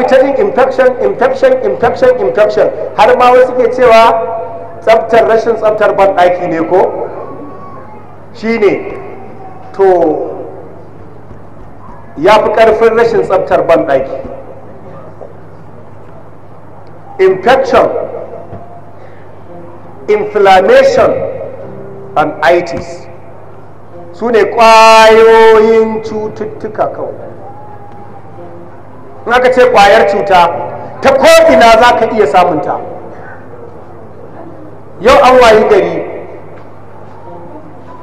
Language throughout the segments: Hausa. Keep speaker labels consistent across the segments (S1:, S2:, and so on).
S1: fita yin infection infection infection infection har ma wasu ke cewa tsaftar rashin tsaftar ban ɗaki ne ko shine to ya fi ƙarfin rashin tsaftar ban ɗaki infection inflammation and itis su ne ƙwayoyin cututtuka kawai in aka ce kwayar cuta ta ko'ina za ka iya samunta yau an wayi gari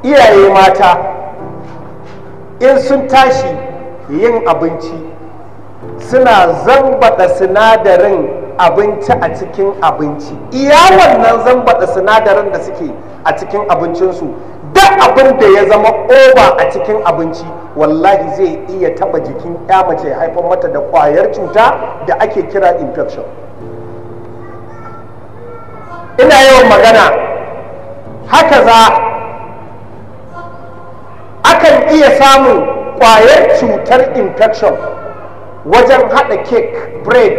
S1: iyaye mata in sun tashi yin abinci suna zambaɗa sinadarin abinci a cikin abinci iya wannan zambada sinadarin da suke a cikin abincinsu abin da ya zama oba a cikin abinci wallahi zai iya taba jikin ya mace haifar mata da kwayar cuta da ake kira infection ina yawan magana haka za akan iya samun kwayar cutar infection wajen haɗa cake bread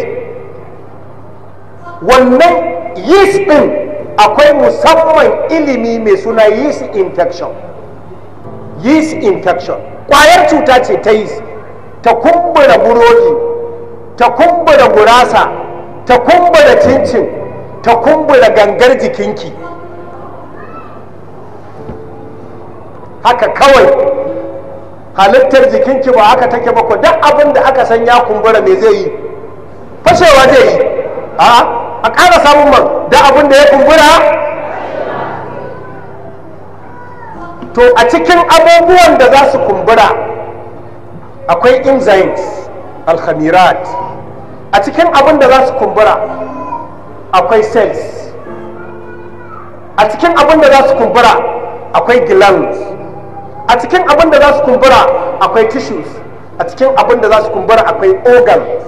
S1: wannan yeast ɗin akwai musamman ilimi mai suna yeast infection yeast infection kwayar cuta ce ta yeast ta kumbura burodi ta kumbura gurasa ta kumbura cincin ta kumbura gangar jikinki haka kawai halittar jikinki ba haka take ba ko duk abin da aka san ya kumbura me zai yi fashewa zai yi Aa. a ƙara samun man da abin da ya kumbura to a cikin abubuwan da za su kumbura akwai enzymes alhamirat a cikin abin da za su kumbura akwai cells a cikin abin da za su kumbura akwai glands a cikin abin da za su kumbura akwai tissues a cikin abin da za su kumbura akwai organs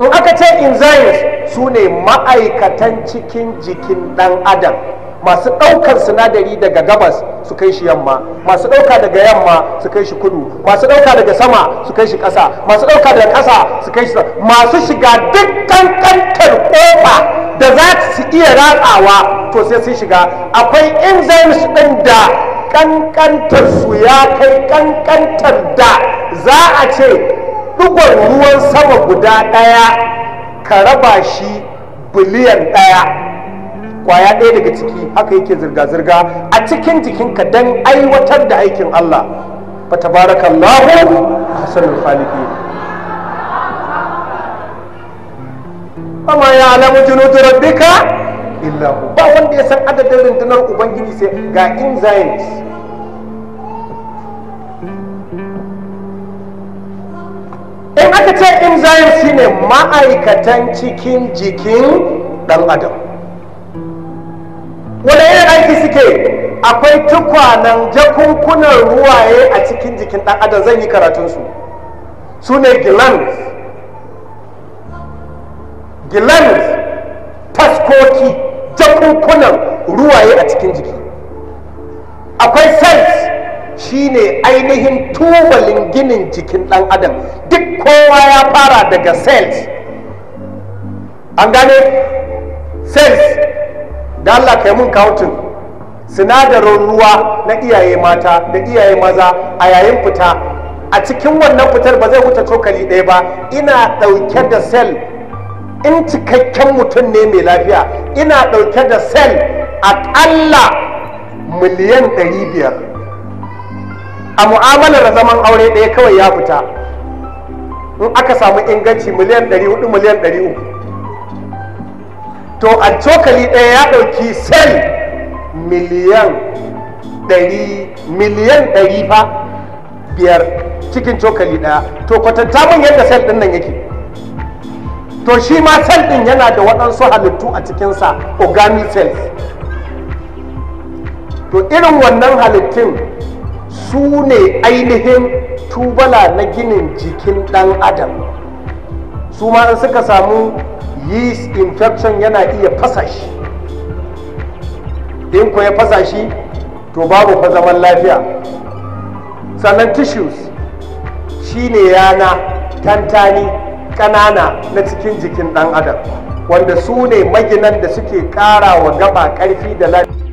S1: in aka ce enzymes su ne ma'aikatan cikin jikin ɗan adam masu ɗaukar sinadari daga gabas su kai shi yamma masu ɗauka daga yamma su kai shi kudu masu ɗauka daga sama su kai shi ƙasa masu ɗauka daga ƙasa su kai shi masu shiga duk kantar ƙofa da za su iya ratsawa to sai sun shiga akwai enzymes ɗin da kankantar su ya kai kankantar da za a ce ɗigon ruwan sama guda ɗaya ka raba shi biliyan ɗaya kwaya ɗaya daga ciki haka yake zirga-zirga a cikin jikinka don aiwatar da aikin Allah fa tabarakallahu hasanul khaliqi amma ya alamu junudu rabbika ba wanda ya san adadin rundunar ubangiji sai ga inzions in aka ce enzyme ne ma'aikatan cikin jikin dan adam wani irin aiki suke akwai tukwanan jakunkunan ruwaye a cikin jikin dan adam zan yi karatunsu su ne gilans gilans taskoki jakunkunan ruwaye a cikin jiki akwai cells shine ainihin tubalin ginin jikin ɗan adam duk kowa ya fara daga cells an gane cells da Allah kai mun kautin sinadarin ruwa na iyaye mata da iyaye maza a yayin fita a cikin wannan fitar ba zai wuce cokali ɗaya ba ina ɗauke da cell in cikakken mutum ne mai lafiya ina ɗauke da cell a ƙalla miliyan 500 a mu'amalar zaman aure ɗaya kawai ya fita in aka samu inganci miliyan 400 miliyan 300 to a cokali ɗaya ya ɗauki sel miliyan 100 miliyan 100 fa biyar cikin cokali ɗaya to kwatanta mun yadda sel ɗin nan yake to shi ma sel ɗin yana da waɗansu halittu a cikinsa organic cells to irin wannan halittun su ne ainihin tubala na ginin jikin ɗan adam su ma in suka samu yeast infection yana iya fasa shi in ya fasa shi to babu fa zaman lafiya sannan tissues shi ne yana tantani kanana na cikin jikin ɗan adam wanda su ne maginan da suke ƙara wa gaba ƙarfi da lafiya